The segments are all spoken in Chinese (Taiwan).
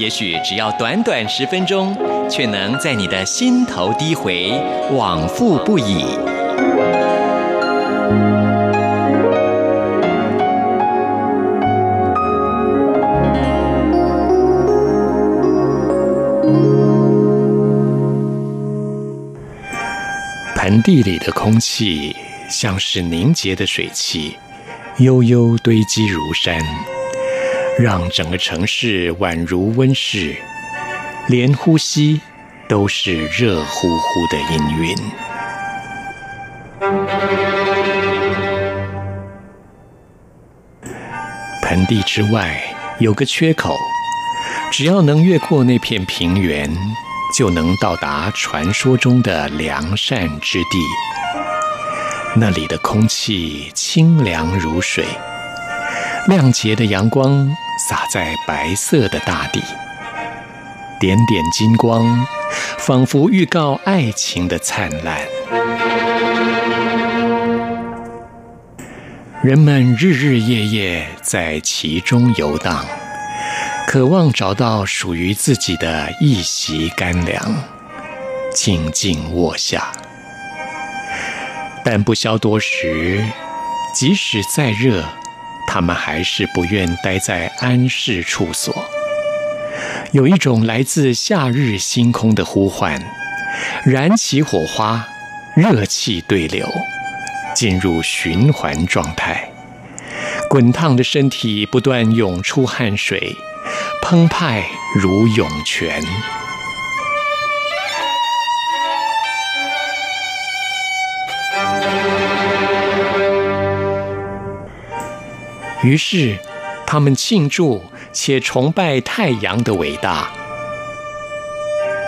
也許只要短短十分鐘，卻能在你的心頭低回，往復不已。盆地裡的空氣像是凝結的水汽，悠悠堆積如山。讓整個城市宛如溫室，連呼吸都是熱乎乎的氤氳。盆地之外有個缺口，只要能越過那片平原，就能到達傳說中的良善之地。那裡的空氣清涼如水。亮潔的陽光灑在白色的大地，點點金光，仿佛預告愛情的燦爛。人們日日夜夜在其中遊蕩，渴望找到屬於自己的一席甘涼，靜靜臥下。但不消多時，即使再熱，他們還是不願待在安適處所，有一種來自夏日星空的呼喚，燃起火花，熱氣對流，進入循環狀態，滾燙的身體不斷湧出汗水，澎湃如湧泉。於是，他們慶祝且崇拜太陽的偉大。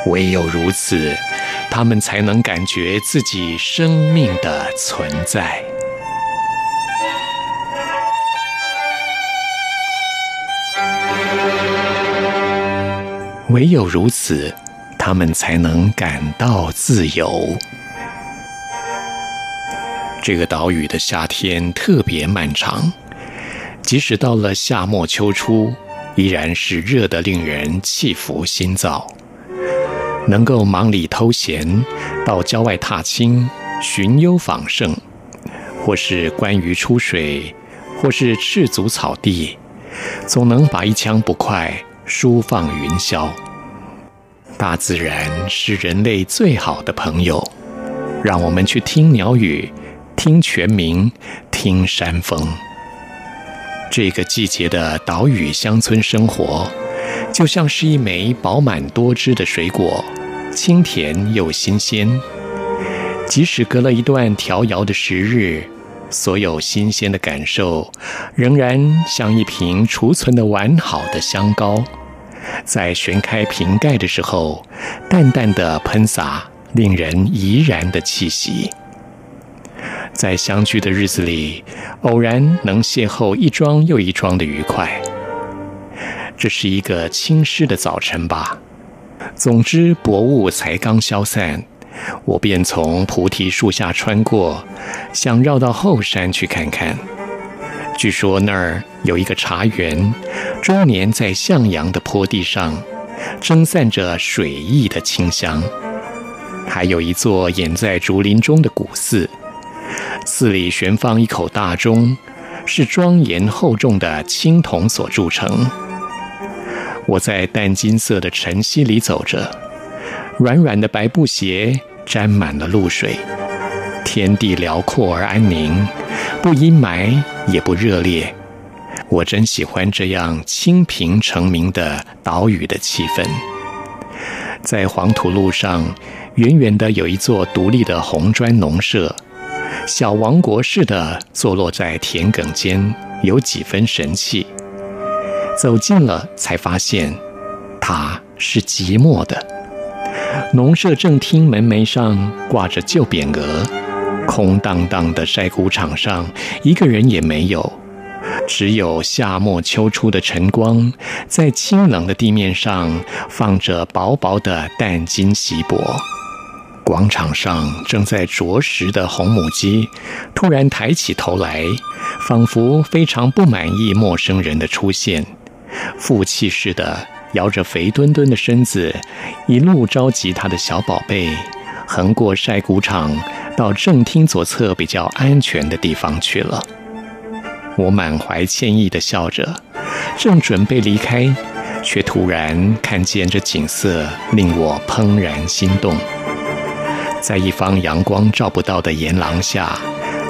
唯有如此，他們才能感覺自己生命的存在。唯有如此，他們才能感到自由。這個島嶼的夏天特別漫長。即使到了夏末秋初，依然是熱得令人氣浮心躁。能夠忙裡偷閒，到郊外踏青、尋幽訪勝，或是觀魚出水，或是赤足草地，總能把一腔不快舒放雲霄。大自然是人類最好的朋友，讓我們去聽鳥語，聽泉鳴，聽山風。這個季節的島嶼鄉村生活，就像是一枚飽滿多汁的水果，清甜又新鮮。即使隔了一段迢遙的時日，所有新鮮的感受，仍然像一瓶儲存的完好的香膏，在旋開瓶蓋的時候，淡淡的噴灑，令人怡然的氣息。在相聚的日子裡，偶然能邂逅一樁又一樁的愉快。這是一個清濕的早晨吧。總之，薄霧才剛消散，我便從菩提樹下穿過，想繞到後山去看看。據說那兒有一個茶園，終年在向陽的坡地上蒸散着水意的清香，還有一座掩在竹林中的古寺。寺裡懸放一口大鐘，是莊嚴厚重的青銅所鑄成。我在淡金色的晨曦裡走着，軟軟的白布鞋沾滿了露水。天地遼闊而安寧，不陰霾也不熱烈。我真喜歡這樣清平澄明的島嶼的氣氛。在黃土路上，遠遠的有一座獨立的紅磚農舍。小王國似的坐落在田埂間，有幾分神氣。走近了才發現，它是寂寞的。農舍正廳門楣上掛着舊匾額，空荡荡的曬谷場上一個人也沒有，只有夏末秋初的晨光在清冷的地面上放着薄薄的淡金錫箔。廣場上正在啄食的紅母雞，突然抬起頭來，仿佛非常不滿意陌生人的出現，負氣似的搖着肥墩墩的身子，一路召集他的小寶貝，橫過曬谷場，到正廳左側比較安全的地方去了。我滿懷歉意地笑着，正準備離開，卻突然看見這景色，令我怦然心動。在一方陽光照不到的簷廊下，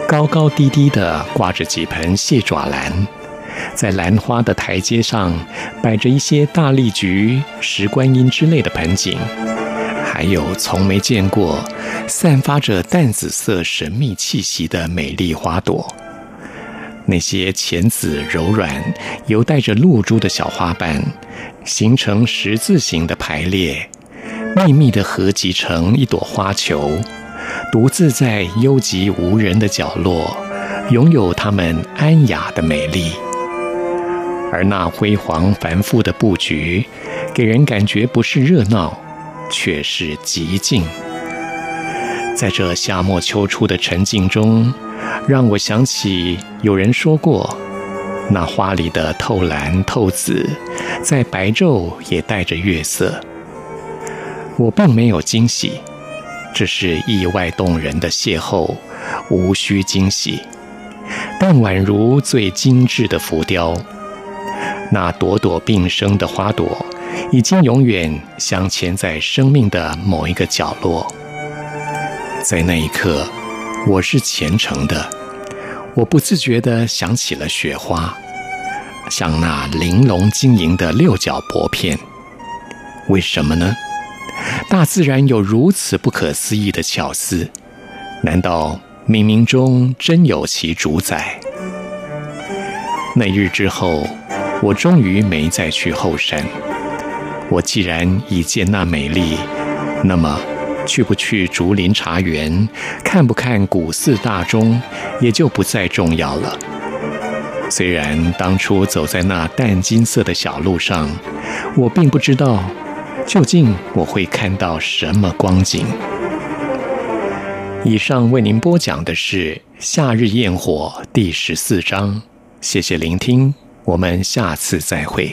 高高低低地掛着幾盆蟹爪蘭，在蘭花的台階上擺着一些大麗菊、石觀音之類的盆景，還有從沒見過、散發着淡紫色神秘氣息的美麗花朵。那些淺紫柔軟、又帶着露珠的小花瓣，形成十字形的排列。密密的合集成一朵花球，獨自在幽寂無人的角落，擁有它們安雅的美麗。而那輝煌繁複的布局，給人感覺不是熱鬧，卻是極靜。在這夏末秋初的沉靜中，讓我想起有人說過，那花裡的透藍透紫，在白晝也帶着月色。我並沒有驚喜，只是意外動人的邂逅，無需驚喜，但宛如最精致的浮雕，那朵朵並生的花朵，已經永遠鑲嵌在生命的某一個角落。在那一刻，我是虔誠的，我不自覺地想起了雪花，像那玲瓏晶瑩的六角薄片，為什麼呢？大自然有如此不可思議的巧思，難道冥冥中真有其主宰？那日之後，我終於沒再去後山。我既然已見那美麗，那麼去不去竹林茶園，看不看古寺大鐘，也就不再重要了。雖然當初走在那淡金色的小路上，我並不知道。究竟我會看到什麼光景？以上為您播講的是《夏日焰火》第十四章。謝謝聆聽，我們下次再會。